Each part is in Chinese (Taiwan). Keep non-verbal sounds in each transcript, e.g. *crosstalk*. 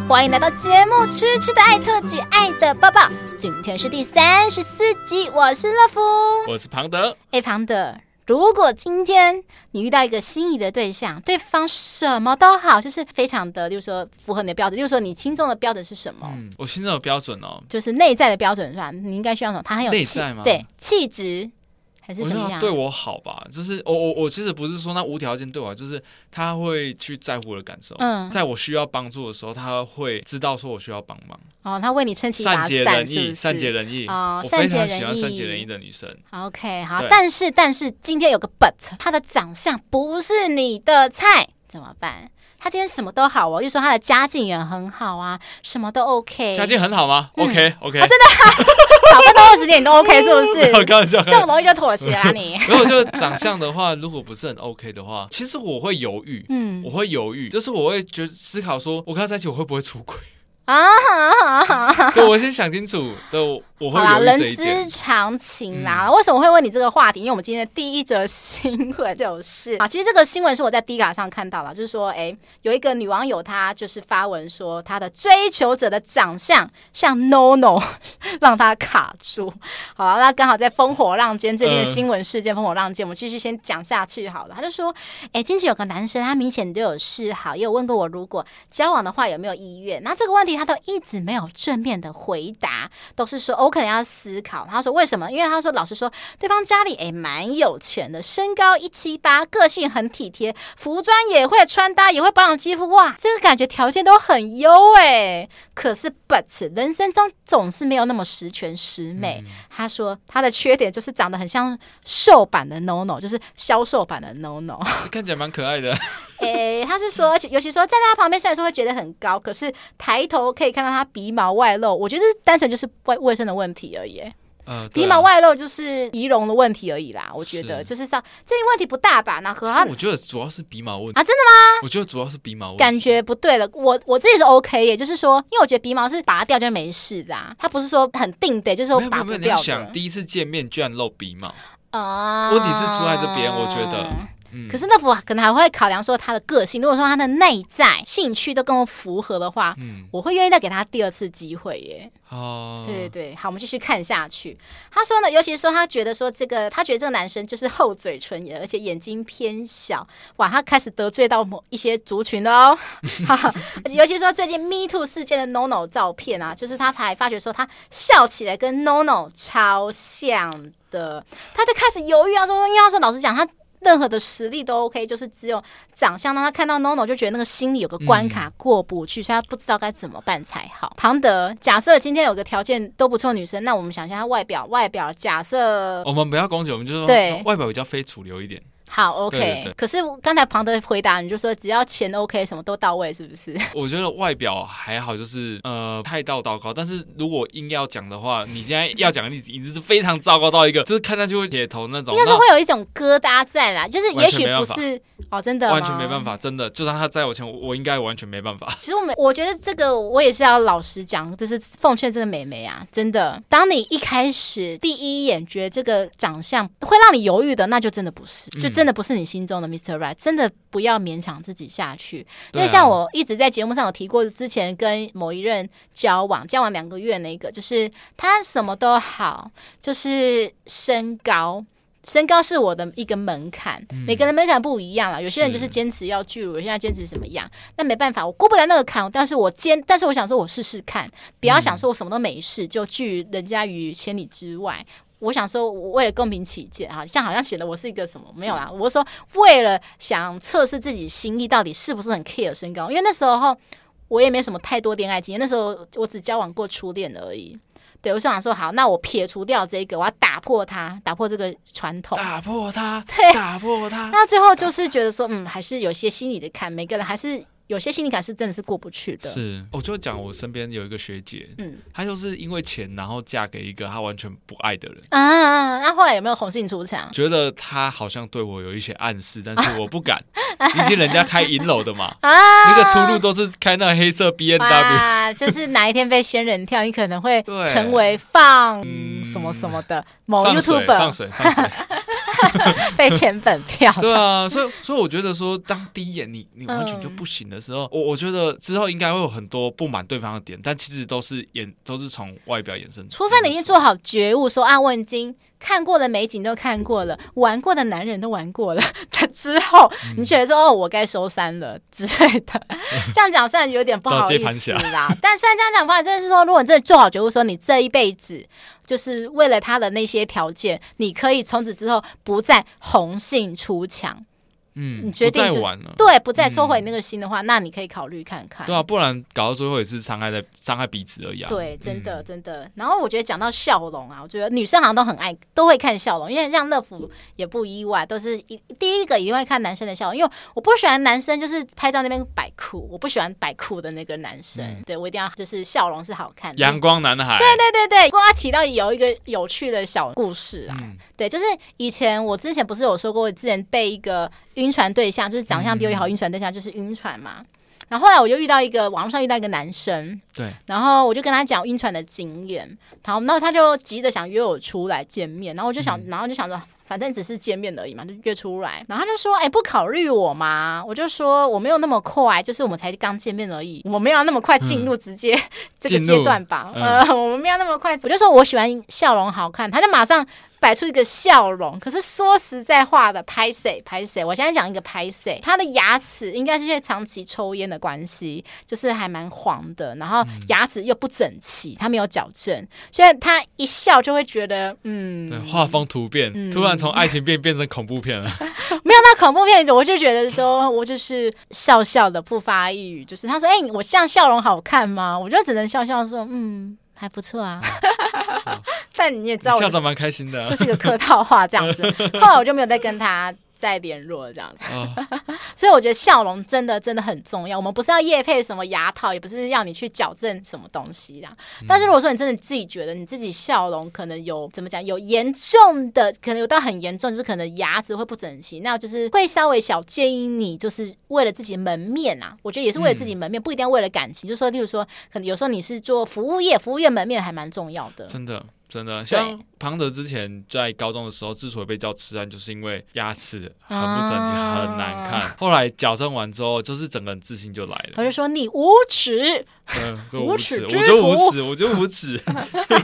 歡迎來到節目《吃吃的愛》特輯《愛的爆爆》，今天是第三十四集。我是樂芙，我是龐德。哎、欸，龐德，如果今天你遇到一個心儀的對象，對方什麼都好，就是非常的，就是說符合你的標準。就是說你心中的標準是什麼？嗯、我心中的標準哦，就是內在的標準是吧？你應該需要什麼？他很有氣，內在嗎？對，氣質。還是怎麼樣？我覺得對我好吧，就是我我我其實不是說那無條件對我，就是他會去在乎我的感受。嗯，在我需要幫助的時候，他會知道說我需要幫忙。哦，他為你撐起一把傘，善解人意，善解人意啊！我非常喜歡善解人意的女生。哦、OK，好，但是但是今天有個 But，他的長相不是你的菜，怎麼辦？他今天什麼都好哦，又說他的家境也很好啊，什麼都 OK。家境很好嗎？OK，OK。嗯 okay, okay 啊、真的、啊，結不到二十年，你都 OK 是不是？開玩笑，這麼容易就妥協啊你？如果就長相的話， *laughs* 如果不是很 OK 的話，其實我會猶豫，嗯，我會猶豫，就是我會覺得思考說，我跟他在一起，我會不會出軌啊？所、嗯、以 *laughs* *laughs* 我先想清楚，對我會這好啦，人之常情啦，嗯。為什麼會問你這個話題？因為我們今天的第一則新聞就是啊，其實這個新聞是我在 D 卡上看到了，就是說，哎，有一個女網友她就是發文說，她的追求者的長相像 NONO， *laughs* 讓她卡住。好啦，那剛好在風火浪尖最近的新聞事件，風火浪尖，嗯，我們繼續先講下去好了。他就說，哎，今天有個男生，他明顯就有示好，也有問過我，如果交往的話有沒有意願。那這個問題他都一直沒有正面的回答，都是說。我可能要思考，他說為什麼？因為他說，老實說對方家裡哎蠻有錢的，身高一七八，個性很體貼，服裝也會穿搭，也會保養肌膚，哇，這個感覺條件都很優哎。可是，but 人生中總是沒有那麼十全十美。嗯嗯，他說他的缺點就是長得很像瘦版的 NONO，就是消瘦版的 NONO，看起來蠻可愛的。誒、欸，他是說，尤其說站在他旁邊，雖然說會覺得很高，可是抬頭可以看到他鼻毛外露。我覺得是單純就是衛衛生的問題而已。呃、啊，鼻毛外露就是儀容的問題而已啦，我覺得是就是像這些問題不大吧？那和他，我覺得主要是鼻毛問題啊，真的嗎？我覺得主要是鼻毛問題，感覺不對了。我我自己是 OK，也就是說，因為我覺得鼻毛是拔掉就沒事的他、啊、它不是說很定的，就是說拔不掉。想第一次見面居然露鼻毛啊？問題是出在這邊，我覺得。可是那幅、嗯、可能還會考量說他的個性，如果說他的內在興趣都跟我符合的話，嗯、我會願意再給他第二次機會耶。哦、嗯，對對對，好，我們繼續看下去。他說呢，尤其是說他覺得說這個，他覺得這個男生就是厚嘴唇，而且眼睛偏小，哇，他開始得罪到某一些族群的哦。哈 *laughs* 哈，而且尤其說最近 Me Too 事件的 NONO 照片啊，就是他還發覺說他笑起來跟 NONO 超像的，他就開始猶豫啊，要說因為要說老實講他。任何的實力都 OK，就是只有長相，讓他看到 NONO 就覺得那個心裡有個關卡過不去，嗯。所以他不知道該怎麼辦才好。龐德，假設今天有個條件都不錯的女生，那我們想象她外表，外表假設，我們不要攻擊，我們就是說，對。就是說外表比較非主流一點。好，OK 對對對。可是剛才龐德回答你就說，只要錢 OK，什麼都到位，是不是？我覺得外表還好，就是呃，態度糟糕。但是如果硬要講的話，你現在要講的例子， *laughs* 你是非常糟糕到一個，就是看上去會鐵頭那種。應該是會有一種疙瘩在啦，就是也許不是哦，真的完全沒辦法，真的，就算他再有錢，我應該完全沒辦法。其實我們我覺得這個我也是要老實講，就是奉勸這個美眉啊，真的，當你一開始第一眼覺得這個長相會讓你猶豫的，那就真的不是，就真的、嗯。真的不是你心中的 Mr. Right，真的不要勉強自己下去、啊。因為像我一直在節目上有提過，之前跟某一任交往交往兩個月那個，就是他什麼都好，就是身高，身高是我的一個門檻、嗯。每個人門檻不一樣了，有些人就是堅持要巨乳，有些人要堅持什麼樣，那沒辦法，我過不了那個坎。但是我堅，但是我想說，我試試看，不要想說我什麼都沒試，就拒人家於千里之外。我想說，為了公平起見，好像好像顯得我是一個什麼沒有啦。我說，為了想測試自己心意到底是不是很 care 身高，因為那時候我也沒什麼太多戀愛經驗，那時候我只交往過初戀而已。對，我想說，好，那我撇除掉這個，我要打破它，打破這個傳統，打破它，對，打破它。那最後就是覺得說，嗯，還是有些心理的坎，每個人還是。有些心理感是真的是過不去的。是，我就講我身邊有一個學姐，嗯，她就是因為錢，然後嫁給一個她完全不愛的人。啊，那、啊啊、後來有沒有紅杏出牆？覺得她好像對我有一些暗示，但是我不敢，畢、啊、竟人家開銀樓的嘛。啊，那個出路都是開那黑色 B N W，、啊、就是哪一天被仙人跳，你可能會成為放、嗯、什麼什麼的某 YouTuber 放水。放水放水 *laughs* *laughs* 被錢本票， *laughs* 對啊，所以所以我覺得說，當第一眼你你完全就不行的時候，嗯、我我覺得之後應該會有很多不滿對方的點，但其實都是衍，都是從外表衍生出，除非你已經做好覺悟，說按問經。看過的美景都看過了，玩過的男人都玩過了，之後你覺得說、嗯、哦，我該收山了之類的，嗯、這樣講雖然有點不好意思啦， *laughs* 但雖然這樣講，反正就是說，如果你真的做好覺悟，說你這一輩子就是為了他的那些條件，你可以從此之後不再紅杏出牆。嗯，你決定你就了對不再收回那個心的話，嗯、那你可以考慮看看。對啊，不然搞到最後也是傷害在傷害彼此而已啊。對，真的、嗯、真的。然後我覺得講到笑容啊，我覺得女生好像都很愛都會看笑容，因為像樂芙也不意外，都是一第一個一定會看男生的笑容，因為我不喜歡男生就是拍照那邊擺酷，我不喜歡擺酷的那個男生。嗯、對我一定要就是笑容是好看的陽光男孩。對對對對，剛他提到有一個有趣的小故事啊，嗯，對，就是以前我之前不是有說過，我之前被一個。暈船對象就是長相第一好，暈、嗯、船對象就是暈船嘛。然後後來我就遇到一個網上遇到一個男生，對，然後我就跟他講暈船的經驗，然後那他就急着想約我出來見面，然後我就想、嗯，然後就想說，反正只是見面而已嘛，就約出來。然後他就說：“哎、欸，不考慮我嘛？”我就說：“我沒有那麼快，就是我們才剛見面而已，我沒有那麼快進入直接、嗯、 *laughs* 這個階段吧、嗯？呃，我們沒有那麼快。”我就說我喜歡笑容好看，他就馬上。擺出一個笑容，可是說實在話的，拍謝拍謝。我現在講一個拍謝，他的牙齒應該是因為長期抽菸的關係，就是還蠻黃的，然後牙齒又不整齊，他沒有矯正，所以他一笑就會覺得，嗯，畫風突變，嗯、突然從愛情變變成恐怖片了。沒有那恐怖片，我就覺得說，我就是笑笑的不發一語，就是他說，哎、欸，我這樣笑容好看嗎？我就只能笑笑說，嗯，還不錯啊。 *laughs* 但你也知道，笑得蠻開心的，啊，就是一個客套話這樣子。 *laughs* 後來我就沒有再跟他再聯絡這樣子 *laughs* *laughs* 所以我覺得笑容真的真的很重要。我們不是要業配什麼牙套，也不是要你去矯正什麼東西的。但是如果說你真的自己覺得你自己笑容可能有怎麼講，有嚴重的，可能有到很嚴重，就是可能牙齒會不整齊，那就是會稍微小建議你，就是為了自己門面啊，我覺得也是為了自己門面，不一定要為了感情。就是說例如說，可能有時候你是做服務業，服務業門面還蠻重要的，真的。真的，像龐德之前在高中的時候，之所以被叫“痴漢”，就是因為牙齒很不整齊、啊，很難看。後來矯正完之後，就是整個人自信就來了。他就說你無恥。嗯，就無恥！ *laughs* 我就無恥，我就無恥。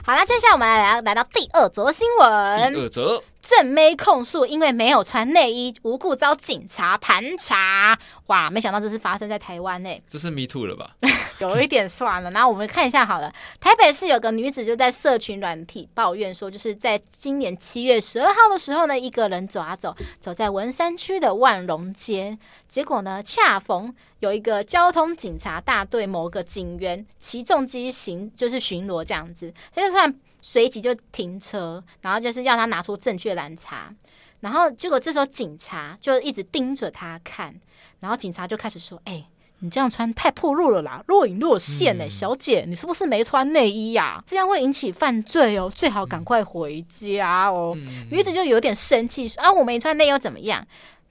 好了，接下來我們來來到第二則新聞。第二則，正妹控訴因為沒有穿內衣，無故遭警察盤查。哇，沒想到這是發生在台灣呢、欸。這是 me too 了吧？ *laughs* 有一點算了。然後我們看一下好了， *laughs* 台北市有個女子就在社群軟體抱怨說，就是在今年七月十二號的時候呢，一個人走啊走，走在文山區的萬隆街，結果呢，恰逢。有一個交通警察大隊某個警員騎重機行就是巡邏這樣子，他就突然隨即就停車，然後就是要他拿出證據攔查，然後結果這時候警察就一直盯着他看，然後警察就開始說：“哎、欸，你這樣穿太暴露了啦，若隱若現哎、欸嗯，小姐你是不是沒穿內衣呀、啊？這樣會引起犯罪哦，最好趕快回家哦。嗯”女子就有點生氣說：“啊，我沒穿內衣又怎麼樣？”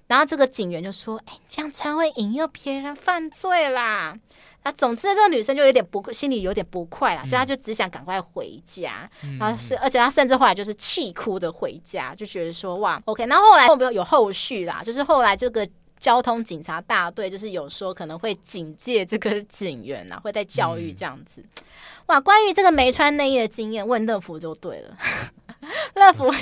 然後這個警員就說：“哎，這樣穿會引誘別人犯罪啦！”那總之這個女生就有點不，心裡有點不快啦，嗯、所以她就只想趕快回家。嗯嗯然後，所以而且她甚至後來就是氣哭的回家，就覺得說：“哇，OK。”然後後來後邊有後續啦，就是後來這個交通警察大隊就是有說可能會警戒這個警員啊，會在教育這樣子、嗯。哇，關於這個沒穿內衣的經驗，問樂芙就對了。 *laughs* 樂芙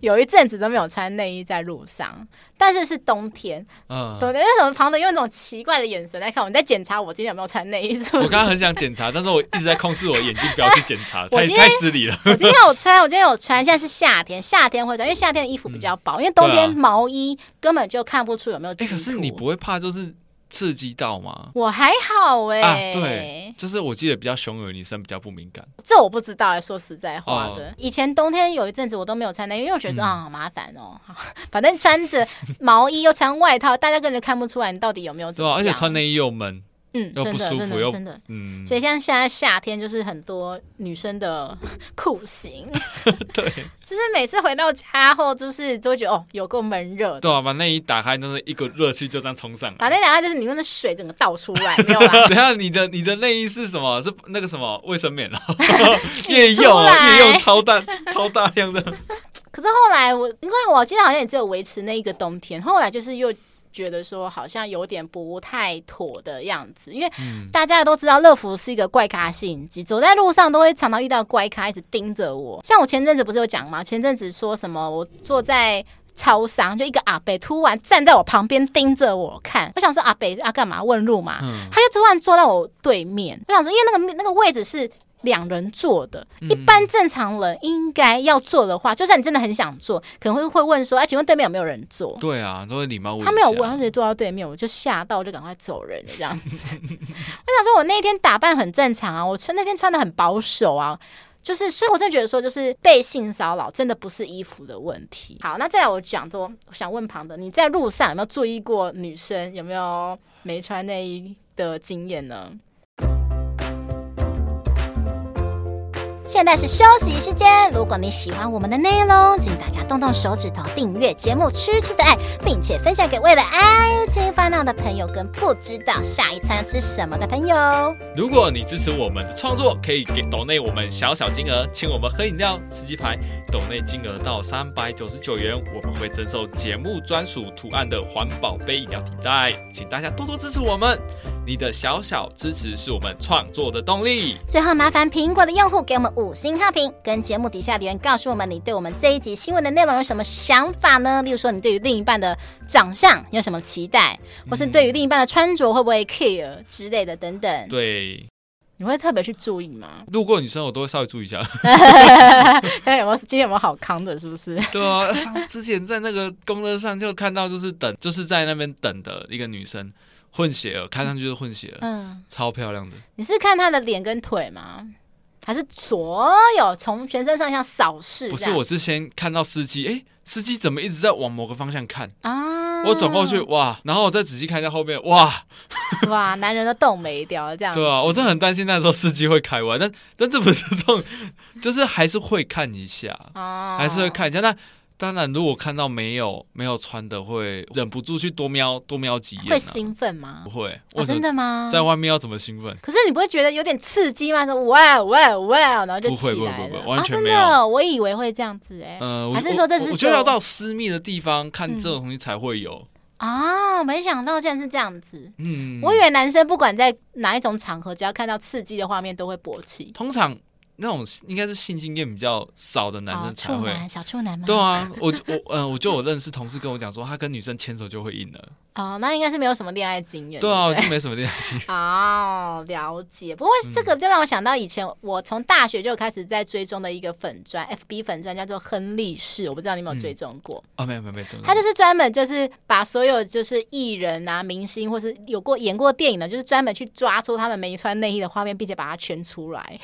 有一陣子都沒有穿內衣在路上，但是是冬天，嗯，對，為什麼龐德用那種奇怪的眼神來看我？你在看？你在檢查我今天有沒有穿內衣是不是？我剛剛很想檢查，但是我一直在控制我的眼睛不要去檢查， *laughs* 太失禮了。我今天有穿，我今天有穿，現在是夏天，夏天會穿，因為夏天的衣服比較薄，因為冬天毛衣根本就看不出有沒有。嗯欸、可是你不會怕就是？刺激到嗎？我還好哎、欸啊，對，就是我記得比較凶惡的女生比較不敏感，這我不知道、欸。說實在話的，哦、以前冬天有一陣子我都沒有穿內衣，因為我覺得說、嗯、啊好麻煩哦、喔， *laughs* 反正穿着毛衣又穿外套，大家根本看不出來你到底有沒有這樣、哦、而且穿內衣又悶。嗯，不舒服，真的，真的，真的，嗯，所以像現在夏天，就是很多女生的酷刑， *laughs* 對，就是每次回到家後，就是都會覺得哦，有夠悶熱，對啊，把內衣打開，那、就是一股熱氣就這樣衝上來，把那兩個就是裡面的水整個倒出來，沒有啦？等一 *laughs* 下你的你的內衣是什麼？是那個什麼衛生棉啊？借 *laughs* *laughs* 用借、哦、用超大 *laughs* 超大量的。 *laughs* 可是後來我，因為我記得好像也只有維持那一個冬天，後來就是又。覺得說好像有點不太妥的樣子，因為大家都知道樂芙是一個怪咖吸引機走在路上都會常常遇到怪咖，一直盯着我。像我前陣子不是有講嗎？前陣子說什麼？我坐在超商，就一個阿北突然站在我旁邊盯着我看。我想說阿北啊，幹嘛？問路嘛、嗯？他就突然坐到我對面。我想說，因為那個那個位置是。兩人坐的，一般正常人應該要坐的話，嗯、就算你真的很想坐，可能會會問說，哎、啊，請問對面有沒有人坐？對啊，都會禮貌問。他沒有問，他直接坐到對面，我就嚇到，就趕快走人了。這樣子， *laughs* 我想說，我那天打扮很正常啊，我穿那天穿得很保守啊，就是，所以我真的覺得說，就是被性騷擾真的不是衣服的問題。好，那再來我講說，我想問龐德，你在路上有沒有注意過女生有沒有沒穿內衣的經驗呢？現在是休息時間。如果你喜歡我們的內容，請大家動動手指頭訂閱節目《吃吃的愛》，並且分享給為了愛情煩惱的朋友跟不知道下一餐要吃什麼的朋友。如果你支持我們的創作，可以給 donate 我們小小金額，請我們喝飲料、吃雞排。donate 金額到三百九十九元，我們會贈送節目專屬圖案的環保杯、飲料提袋。請大家多多支持我們。你的小小支持是我們創作的動力。最後，麻煩蘋果的用戶給我們五星好評，跟節目底下留言告訴我們，你對我們這一集新聞的內容有什麼想法呢？例如說，你對於另一半的長相有什麼期待，或是對於另一半的穿着會不會 care 之類的等等。對，你會特別去注意嗎？路過女生，我都會稍微注意一下。 *laughs* *laughs* 今天有沒有好康的？是不是？對啊，之前在那個工作上就看到，就是等，就是在那邊等的一個女生。混血了，看上去就是混血兒，嗯，超漂亮的。你是看他的臉跟腿嗎？還是左右從全身上下掃視？不是，我是先看到司機，哎、欸，司機怎麼一直在往某個方向看啊？我轉過去，哇，然後我再仔細看一下後面，哇，哇， *laughs* 男人的洞沒掉這樣子。對啊，我真的很擔心那時候司機會開歪，但但這不是這種，就是還是會看一下，啊、還是會看一下那。當然，如果看到沒有沒有穿的，會忍不住去多瞄多瞄幾眼、啊。會興奮嗎？不會。真的嗎？在外面要怎麼興奮、啊？可是你不會覺得有點刺激嗎？說哇哇哇，然後就起來了。不會不會不會不會完全沒有、啊哦。我以為會這樣子哎、呃。還是說這是就？我就要到私密的地方看這種東西才會有、嗯。啊，沒想到竟然是這樣子。嗯。我以為男生不管在哪一種場合，只要看到刺激的畫面都會勃起。通常。那種應該是性經驗比較少的男生才會，哦、小處男嗎？對啊，我我嗯、呃，我就有認識同事跟我講說，他跟女生牽手就會硬了。哦，那應該是沒有什麼戀愛經驗。對啊，就沒什麼戀愛經驗。哦，了解。不過這個就讓我想到以前我從大學就開始在追蹤的一個粉專、嗯、FB 粉專叫做亨利氏，我不知道你有沒有追蹤過、嗯？哦，沒有，沒有，沒有。他就是專門就是把所有就是藝人啊、明星或是有過演過電影的，就是專門去抓出他們沒穿內衣的畫面，並且把它圈出來。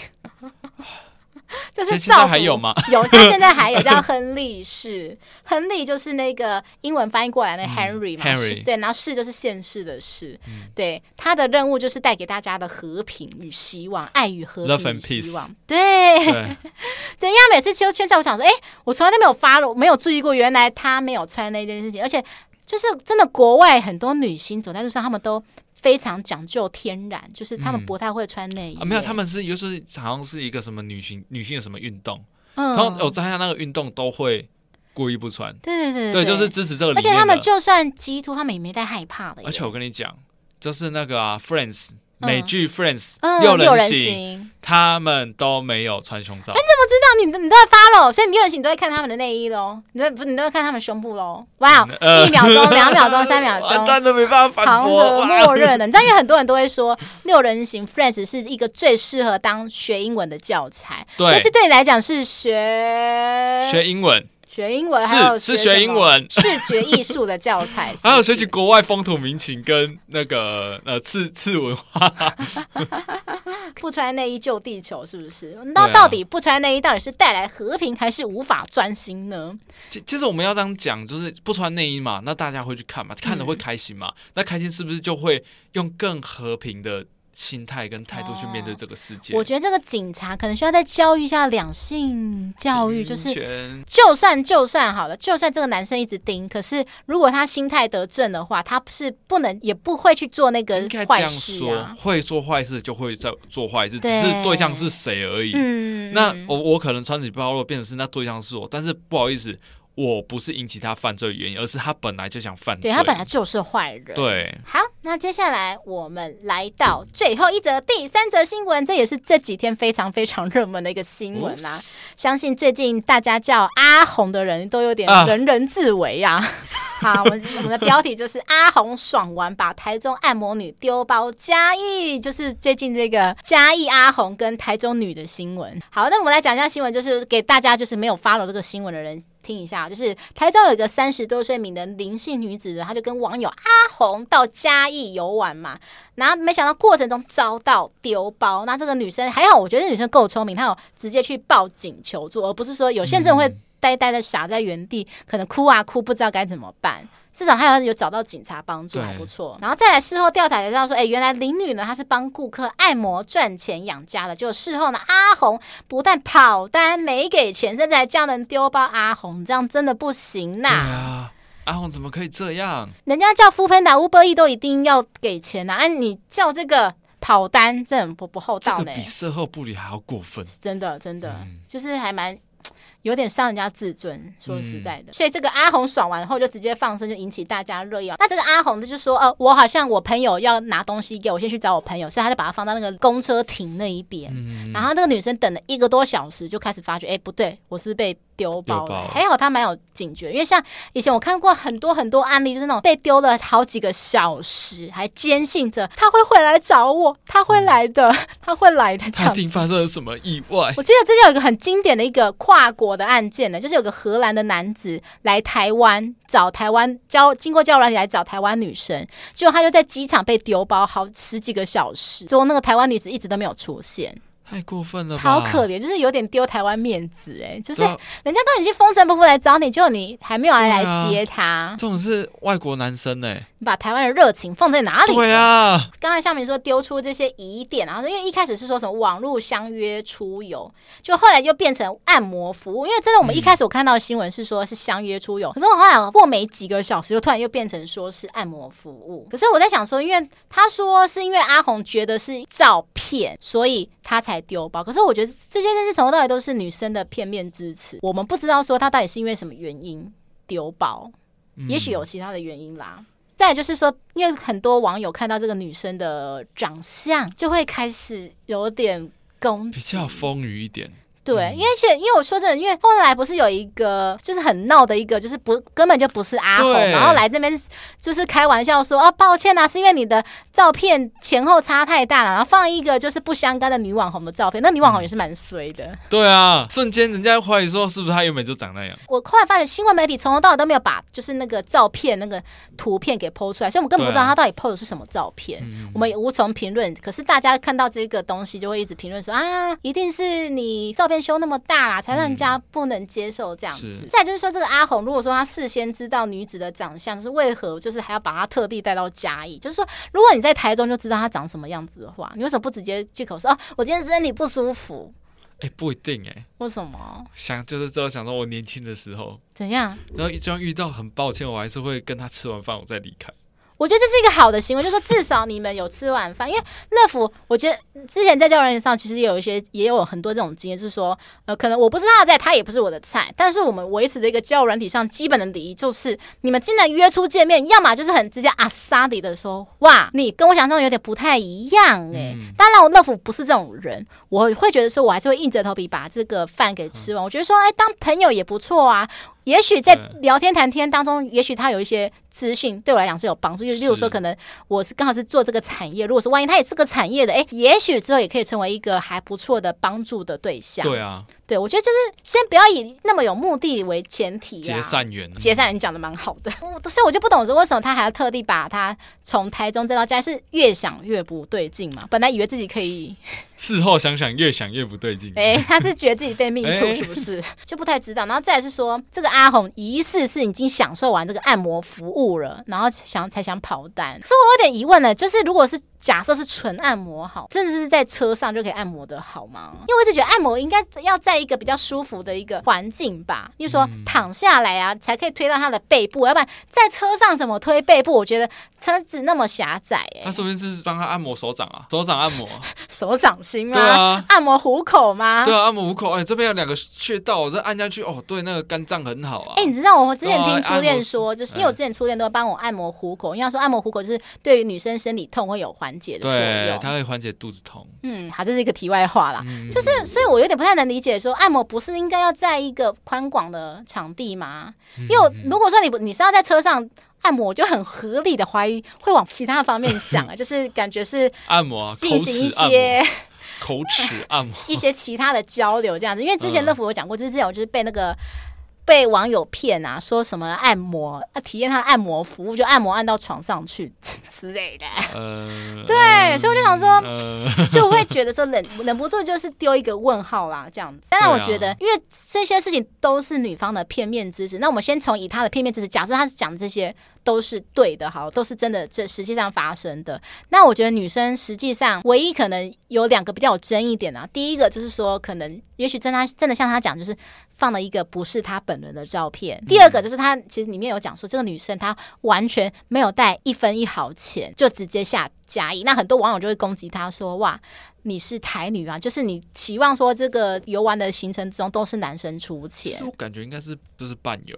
就是照現在還有嗎？有，他現在還有叫亨利世， *laughs* 亨利就是那個英文翻譯過來的那 Henry 嘛。嗯、Henry 對，然後是就是現世的事，嗯。對，他的任務就是帶給大家的和平與希望，愛與和平與希望對。對，對，他每次出宣傳，我想說，哎、欸，我從來都沒有發我沒有注意過，原來他沒有穿那件事情，而且就是真的，國外很多女星走在路上，他們都。非常講究天然，就是他們不太會穿內衣。嗯啊、沒有，他們是有時候好像是一個什麼女性女性的什麼運動，嗯。然後我參加那個運動都會故意不穿。對對對對，對就是支持這個。而且他們就算激凸，他們也沒在害怕的。而且我跟你講，就是那個、啊《Friends, friends、嗯》美劇《Friends》，又六人行。嗯他們都沒有穿胸罩。欸、你怎麼知道？你你都在發嘍，所以你六人行都在看他們的內衣嘍，你都不你都在看他們胸部嘍。哇、wow, 嗯、呃，一秒鐘、兩 *laughs* 秒鐘、三秒鐘，都沒辦法反駁。默認了， *laughs* 你知道，因為很多人都會說， *laughs* 六人行 Friends 是一個最適合當學英文的教材。對，所以這對你來講是學學英文。學英文還有學是，是學英文，視覺藝術的教材，還有學習國外風土民情跟那個呃次次文化，哈哈 *laughs* 不穿內衣救地球是不是？那到底不穿內衣到底是帶來和平還是無法專心呢？其實我們要這樣講，就是不穿內衣嘛，那大家會去看嘛，看了會開心嘛，嗯？那開心是不是就會用更和平的？心態跟態度去面對這個世界，嗯。我覺得這個警察可能需要再教育一下兩性教育，就是就算就算好了，就算這個男生一直盯，可是如果他心態得正的話，他是不能也不會去做那個壞事，啊、應該這樣說，會做壞事就會在做壞事，只是對象是誰而已。嗯、那我我可能穿起暴露，變成是那對象是我，但是不好意思。我不是引起他犯罪原因，而是他本來就想犯罪。對，他本來就是壞人。對，好，那接下來我們來到最後一則第三則新聞、嗯，這也是這幾天非常非常熱門的一個新聞啦、啊嗯。相信最近大家叫阿宏的人都有點人人自危呀、啊。啊、 *laughs* 好，我們我們的標題就是 *laughs* 阿宏爽完把台中按摩女丟包嘉義，就是最近這個嘉義阿宏跟台中女的新聞。好，那我們來講一下新聞，就是給大家就是沒有 follow 這個新聞的人。聽一下，就是台中有一個三十多歲名的林姓女子，她就跟網友阿宏到嘉義遊玩嘛，然後沒想到過程中遭到丟包，那這個女生還好，我覺得女生夠聰明，她有直接去報警求助，而不是說有些人會呆呆的傻在原地、嗯，可能哭啊哭，不知道該怎麼辦。至少他有有找到警察幫助，還不錯。然後再來事後調查才知道說，哎，原來林女呢，她是幫顧客按摩賺錢養家的。結果事後呢，阿紅不但跑單沒給錢，甚至還叫人丟包。阿紅這樣真的不行吶、啊啊！阿紅怎麼可以這樣？人家叫 foodpanda、Uber Eats 都一定要給錢吶、啊！哎、啊，你叫這個跑單，這很不不厚道呢。這個、比事後不理還要過分，真的真的、嗯，就是還蠻。有點傷人家自尊，說實在的，嗯、所以這個阿宏爽完後就直接放生，就引起大家熱議。那這個阿宏呢，就說：“哦、呃，我好像我朋友要拿東西給我，我先去找我朋友，所以他就把它放到那個公車亭那一邊、嗯。然後那個女生等了一個多小時，就開始發覺，哎、欸，不對，我是，不是被。”丟包、欸，還好他蠻有警覺，因為像以前我看過很多很多案例，就是那種被丟了好幾個小時，還堅信着他會回來找我，他會來的，嗯、他會來的。他一定發生了什麼意外。我記得之前有一個很經典的一個跨國的案件呢，就是有個荷蘭的男子來台灣找台灣交，經過交往局來找台灣女生，結果他就在機場被丟包好十幾個小時，最後那個台灣女子一直都沒有出現。太過分了，超可憐，就是有點丟台灣面子，哎、欸，就是人家都已經風塵僕僕來找你，就你還沒有來來接他。啊、這種是外國男生哎、欸，你把台灣的熱情放在哪裡？對啊，剛才向明說丟出這些疑點，然後因為一開始是說什麼網絡相約出遊，就後來就變成按摩服務，因為真的我們一開始我看到的新聞是說是相約出遊，嗯，可是我好像想過沒幾個小時又突然又變成說是按摩服務，可是我在想說，因為他說是因為阿宏覺得是照騙，所以。他才丟包，可是我覺得這些事情從頭到尾都是女生的片面支持。我們不知道說他到底是因為什麼原因丟包，嗯、也許有其他的原因啦。再來就是說，因為很多網友看到這個女生的長相，就會開始有點攻，比較豐腴一點。對，因為現，因為我說真的，因為後來不是有一個就是很鬧的一個，就是不根本就不是阿宏，然後來那邊就是開玩笑說啊、哦，抱歉啊，是因為你的照片前後差太大了，然後放一個就是不相干的女網紅的照片，那女網紅也是蠻衰的。對啊，瞬間人家懷疑說是不是她原本就長那樣。我後來發現新聞媒體從頭到尾都沒有把就是那個照片那個圖片給 Po 出來，所以我們更不知道他到底 Po 的是什麼照片，啊，我們也無從評論。可是大家看到這個東西就會一直評論說啊，一定是你照片。修那麼大啦，才讓人家、嗯、不能接受這樣子。再就是說，這個阿宏，如果說她事先知道女子的長相，就是為何？就是還要把她特地帶到嘉義？就是說，如果你在台中就知道她長什麼樣子的話，你為什麼不直接借口說哦，我今天身體不舒服？欸、不一定哎、欸。為什麼？想就是知道，想說，我年輕的時候怎樣？然後一這樣遇到很抱歉，我還是會跟他吃完飯，我再離開。我覺得這是一個好的行為，就是說至少你們有吃晚飯。因為樂芙，我覺得之前在交友軟體上其實也有一些，也有很多這種經驗，就是說，呃，可能我不是他的菜，他也不是我的菜，但是我們維持的一個交友軟體上基本的禮儀就是，你們既然約出見面，要麼就是很直接啊，沙迪的說哇，你跟我想象有點不太一樣誒、欸嗯。當然，我樂芙不是這種人，我會覺得說，我還是會硬着頭皮把這個飯給吃完。我覺得說，哎，當朋友也不錯啊。也許在聊天談天當中，也許他有一些資訊對我來講是有幫助。就例如說，可能我是剛好是做這個產業，如果說萬一他也是個產業的，誒、欸，也許之後也可以成為一個還不錯的幫助的對象。對啊。對，我覺得就是先不要以那麼有目的為前提呀、啊。結善緣、啊，結善緣講的蠻好的， *laughs* 所以我就不懂說為什麼他還要特地把他從台中帶到家，是越想越不對勁嘛。本來以為自己可以，事後想想越想越不對勁。哎 *laughs* 欸，他是覺得自己被命出、欸、是不是？ *laughs* 就不太知道。然後再來是說，這個阿宏疑似是已經享受完這個按摩服務了，然後想才想跑單。所以我有點疑問呢，就是如果是。假設是純按摩好，甚至是在車上就可以按摩的好嗎？因為我一直覺得按摩應該要在一個比較舒服的一個環境吧，比、就、如、是、說躺下來啊，才可以推到他的背部、嗯，要不然在車上怎麼推背部？我覺得車子那麼狹窄、欸，哎。那說先是幫他按摩手掌啊，手掌按摩， *laughs* 手掌心嗎？啊，按摩虎口嗎？對啊，按摩虎口。哎、欸，這邊有兩個穴道，我這按下去哦，對，那個肝臟很好啊。哎、欸，你知道我之前聽初戀說、啊，就是因為我之前初戀都幫我按摩虎口，欸、因為他說按摩虎口就是對於女生生理痛會有。緩解的作用，對，它可以緩解肚子痛。嗯，好、啊，這是一個題外話啦、嗯。就是，所以我有點不太能理解說，說按摩不是應該要在一個寬廣的場地嗎？因為嗯嗯如果說你你是要在車上按摩，我就很合理的懷疑會往其他方面想啊。就是感覺是按摩進行一些、啊、口齒按摩，按摩 *laughs* 一些其他的交流這樣子。因為之前樂芙有講過，就是之前我就是被那個。嗯被網友騙啊，說什麼按摩，要、啊、體驗他的按摩服務，就按摩按到床上去之類的。呃、對、呃，所以我就想說，呃、就會覺得說忍，忍、呃、忍不住就是丟一個問號啦，這樣子。當然，我覺得、啊，因為這些事情都是女方的片面之詞，那我們先從以她的片面之詞，假設她是講這些。都是對的，好，都是真的，這實際上發生的。那我覺得女生實際上唯一可能有兩個比較有爭議點啊，第一個就是說，可能也許真她真的像她講，就是放了一個不是她本人的照片。嗯。第二個就是她其實裡面有講說，這個女生她完全沒有帶一分一毫錢，就直接下嘉義。那很多網友就會攻擊她說，哇，你是台女啊？就是你期望說這個遊玩的行程中都是男生出錢，我感覺應該是就是伴遊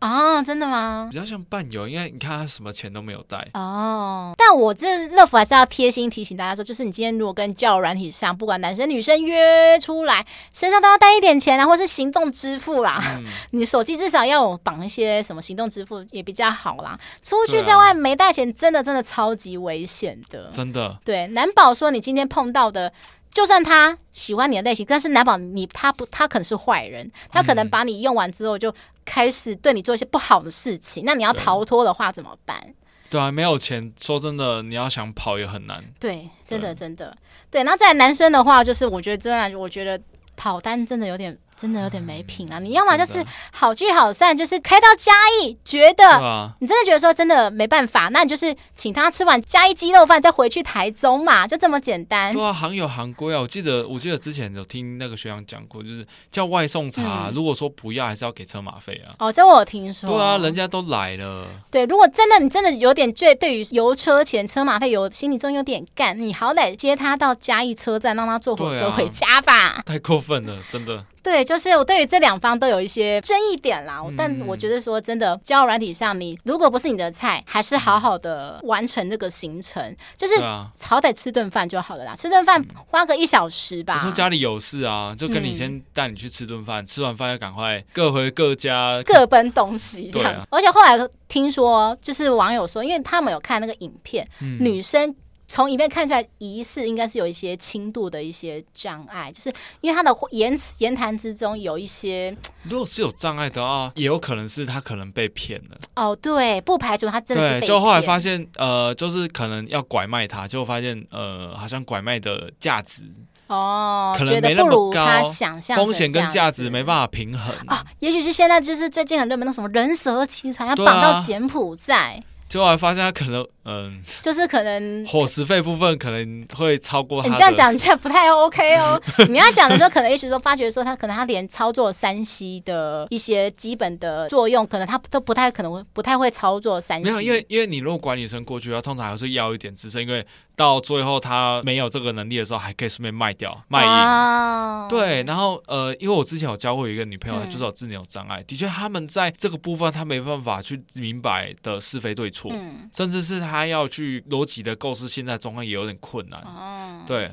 哦，真的嗎？比較像伴遊，因為你看他什麼錢都沒有帶哦。但我這樂芙還是要貼心提醒大家說，就是你今天如果跟交友軟體上，不管男生女生約出來，身上都要帶一點錢啊，或是行動支付啦。嗯、你手機至少要有綁一些什麼行動支付也比較好啦。出去在外沒帶錢，真的真的超級危險的。對啊、對。真的，對，難保說，你今天碰到的。就算他喜歡你的類型，但是難保你他不他可能是壞人，他可能把你用完之後就開始對你做一些不好的事情。嗯、那你要逃脫的話怎麼辦？對，對啊，沒有錢，說真的，你要想跑也很難。對，真的真的對。那在男生的話，就是我覺得真的，我覺得跑單真的有點。真的有點沒品啊！你要麼就是好聚好散，就是開到嘉義，覺得你真的覺得說真的沒辦法，那你就是請他吃完嘉義雞肉飯再回去台中嘛，就這麼簡單。對啊，行有行規啊！我記得我記得之前有聽那個學長講過，就是叫外送茶，如果說不要，還是要給車馬費啊。哦，這我有聽說。對啊，人家都來了。對，如果真的你真的有點醉，對於油車錢、車馬費有心裡中有點幹，你好歹接他到嘉義車站，讓他坐火車回家吧。啊，太過分了，真的。對，就是我對於這兩方都有一些爭議點啦。嗯、但我覺得說真的，交友軟體上你，你如果不是你的菜，還是好好的完成這個行程，嗯、就是好歹吃頓飯就好了啦。嗯、吃頓飯花個一小時吧。你說家裡有事啊，就跟你先帶你去吃頓飯，嗯，吃完飯要趕快各回各家，各奔東西這樣啊。而且後來聽說，就是網友說，因為他們有看那個影片，嗯、女生。從裡面看出來，疑似應該是有一些輕度的一些障礙，就是因為他的言言，言談之中有一些。如果是有障礙的話，也有可能是他可能被騙了。哦，對，不排除他真的是被騙。對，就後來發現，呃，就是可能要拐賣他，結果發現，呃，好像拐賣的價值哦覺得不如他，可能沒那麼高。想象風險跟價值沒辦法平衡啊、哦，也許是現在就是最近很熱門的什麼人蛇集團、啊、要綁到柬埔寨。最後還發現他可能，嗯，就是可能，伙食費部分可能會超過他你這樣講，你這樣不太 OK 哦。 *laughs* 你要講的時候，可能一直都發覺說，他可能他連操作三 C 的一些基本的作用，可能他都不太可能，不太會操作三 C。沒有，因為因為你如果管理層過去，他通常還是要一點知識，因為。到最後他沒有這個能力的時候，還可以順便賣掉賣淫，oh. 對。然後呃，因為我之前有交過一個女朋友，她就是有智能有障礙、嗯，的確他們在這個部分他沒辦法去明白的是非對錯、嗯，甚至是他要去邏輯的構思現在狀況也有點困難，oh. 對。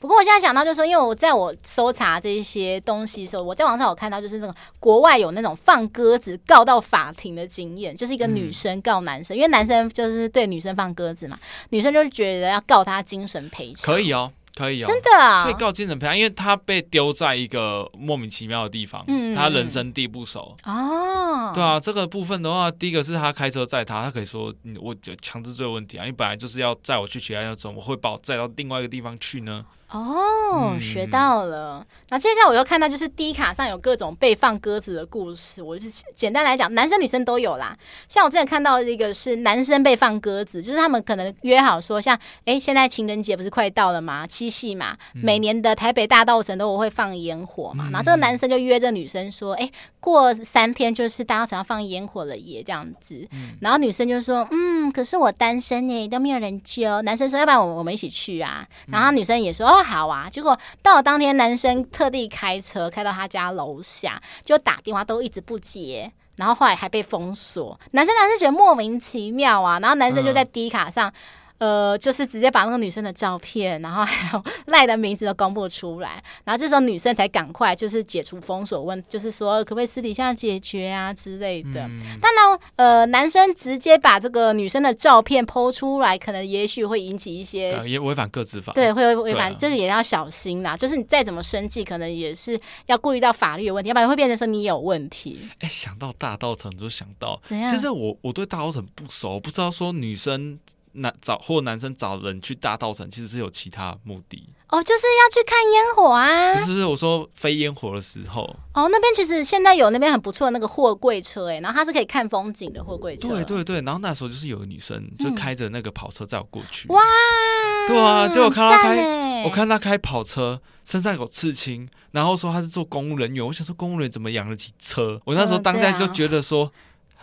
不過我現在想到就是說，因為我在我搜查這些東西的時候，我在網上有看到就是那種國外有那種放鴿子告到法庭的經驗，就是一個女生告男生，嗯、因為男生就是對女生放鴿子嘛，女生就是覺得要告他精神賠償。可以哦，可以哦，真的啊？哦，可以告精神賠償，因為他被丟在一個莫名其妙的地方，嗯，他人生地不熟哦，對啊，這個部分的話，第一個是他開車載他，他可以說我有強制罪問題啊，你本來就是要載我去其他那種，我會把我載到另外一個地方去呢？哦、oh, 嗯嗯嗯，學到了。然後接下來我又看到就是 D 卡上有各種被放鴿子的故事。我是簡單來講，男生女生都有啦。像我之前看到的一個是男生被放鴿子，就是他們可能約好說像，像、欸、哎，現在情人節不是快到了嗎？七夕嘛，嗯、每年的台北大稻埕都我會放煙火嘛嗯嗯嗯。然後這個男生就約這女生說，哎、欸，過三天就是大稻埕要放煙火了耶，這樣子、嗯。然後女生就說，嗯，可是我單身呢，都沒有人約、喔。男生說，要不然我們我們一起去啊。然後女生也說，哦。好啊，結果到了當天，男生特地開車開到他家樓下，就打電話都一直不接，然後後來還被封鎖。男生男生覺得莫名其妙啊，然後男生就在 D 卡上。嗯呃，就是直接把那個女生的照片，然後還有賴的名字都公布出來，然後這時候女生才趕快就是解除封鎖，問就是說可不可以私底下解決啊之類的。當、嗯、然，呃，男生直接把這個女生的照片 PO 出來，可能也許會引起一些也違反個資法，對，會違反、啊、這個也要小心啦。就是你再怎麼生氣，可能也是要顧慮到法律的問題，要不然會變成說你有問題。哎、欸，想到大道城就想到，怎樣？其實我我對大道城不熟，不知道說女生。男找或男生找人去大稻埕，其實是有其他的目的哦，就是要去看煙火啊。不，就是我說飛煙火的時候哦，那邊其實現在有那邊很不錯的那個貨櫃車誒、欸，然後它是可以看風景的貨櫃車。對對對，然後那時候就是有個女生就開着那個跑車載我過去。哇，嗯！對啊，結果我看到他開，我看他開跑車，身上有刺青，然後說他是做公務人員，我想說公務人員怎麼養得起車？我那時候當下就覺得說。嗯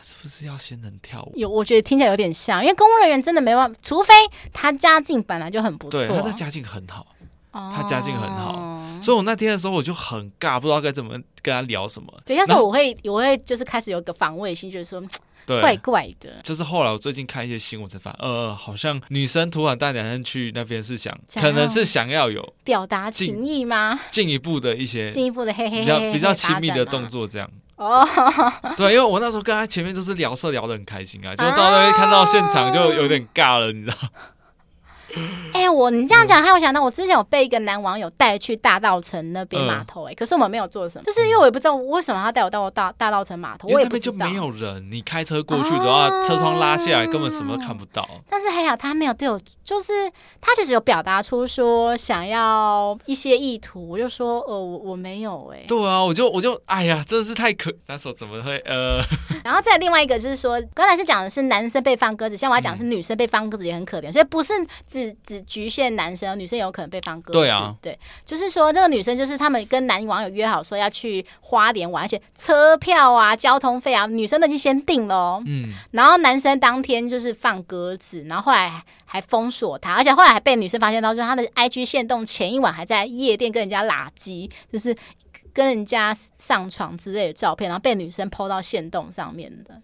是不是要先能跳舞？有，我覺得聽起來有點像，因為公務人員真的沒辦法，除非他家境本來就很不錯。對，他在家境很好，哦，他家境很好，所以我那天的時候我就很尬，不知道該怎麼跟他聊什麼。對，要是我會，我會就是開始有個防衛心，就是說怪怪的。就是後來我最近看一些新聞才發現，呃，好像女生突然帶男生去那邊是想，想可能是想要有表達情意嗎？進一步的一些，進一步的嘿嘿比較，比較親密的動作這樣。哦、oh.，對，因為我那時候跟他前面就是聊色聊得很開心啊，就到那邊看到現場就有點尬了，uh. 你知道。哎、欸，我你這樣講，他有想到我之前有被一個男網友帶去大稻埕那邊碼頭、欸，哎、呃，可是我們沒有做什麼，就是因為我也不知道為什麼要帶我到大大稻埕碼頭我也不知道，因為那邊就沒有人，你開車過去的話，嗯、車窗拉下來，根本什麼都看不到。但是還好他沒有對我，就是他其實有表達出說想要一些意圖，我就說，呃，我我沒有、欸，哎，對啊，我就我就，哎呀，真的是太可，那時候怎麼會呃？然後再另外一個就是說，剛才是講的是男生被放鴿子，現在我要講是女生被放鴿子也很可憐，所以不是只。只局限男生，女生有可能被放鴿子。對啊，對，就是說那個女生就是他們跟男網友約好說要去花蓮玩，而且車票啊、交通費啊，女生那就先訂嘍、哦。嗯、然後男生當天就是放鴿子，然後後來還封鎖他，而且後來還被女生發現到，就是他的 IG 限動前一晚還在夜店跟人家拉機，就是跟人家上床之類的照片，然後被女生 PO 到限動上面的。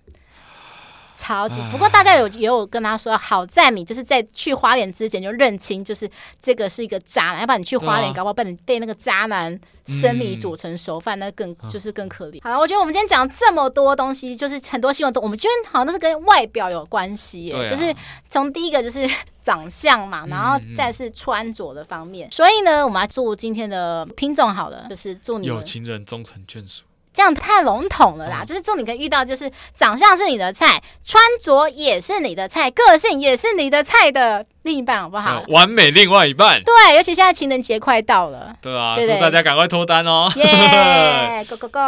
超級，不過大家有唉唉唉也有跟他說，好在你就是在去花蓮之前就認清，就是這個是一個渣男，要不然你去花蓮，哦、搞不好被你被那個渣男生米煮成熟飯，嗯、那更就是更可憐。嗯、好了，我覺得我們今天講了這麼多東西，就是很多新聞都我們覺得好像都是跟外表有關係耶，啊、就是從第一個就是長相嘛，然後再是穿着的方面。嗯嗯，所以呢，我們要祝今天的聽眾好了，就是祝你有情人終成眷屬。這樣太籠統了啦，哦、就是祝你可以遇到就是長相是你的菜，穿着也是你的菜，個性也是你的菜的另一半好不好？呃、完美另外一半。對，尤其現在情人節快到了，對啊，對對對祝大家趕快脫單哦！耶、yeah,，Go Go Go！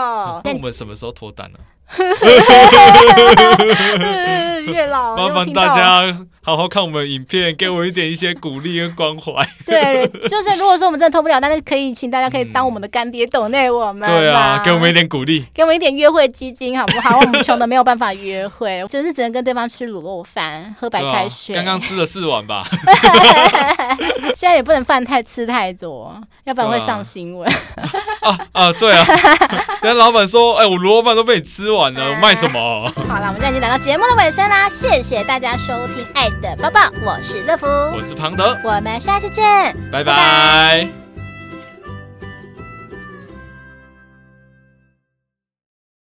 那我們什麼時候脫單呢、啊？ *laughs* *laughs* 月老，幫幫大家。好好看我們影片，給我一點一些鼓勵跟關懷。 *laughs* 對、啊，就是如果說我們真的偷不了，但是可以，請大家可以當我們的乾爹，斗、嗯、內我們？對啊，給我們一點鼓勵，給我們一點約會基金，好不好？ *laughs* 我們窮的沒有辦法約會，真、就是只能跟對方吃滷肉飯、喝白開水。剛剛、啊、吃了四碗吧， *laughs* *laughs* 現在也不能飯太吃太多，要不然會上新聞。啊 *laughs* 啊，啊，對啊，跟 *laughs* 老闆說，哎、欸，我滷肉飯都被你吃完了， *laughs* 我賣什麼？ *laughs* 好了，我們現在已經來到節目的尾聲啦，謝謝大家收聽，愛的爆爆，我是樂芙，我是龐德，我們下次見，拜拜。拜拜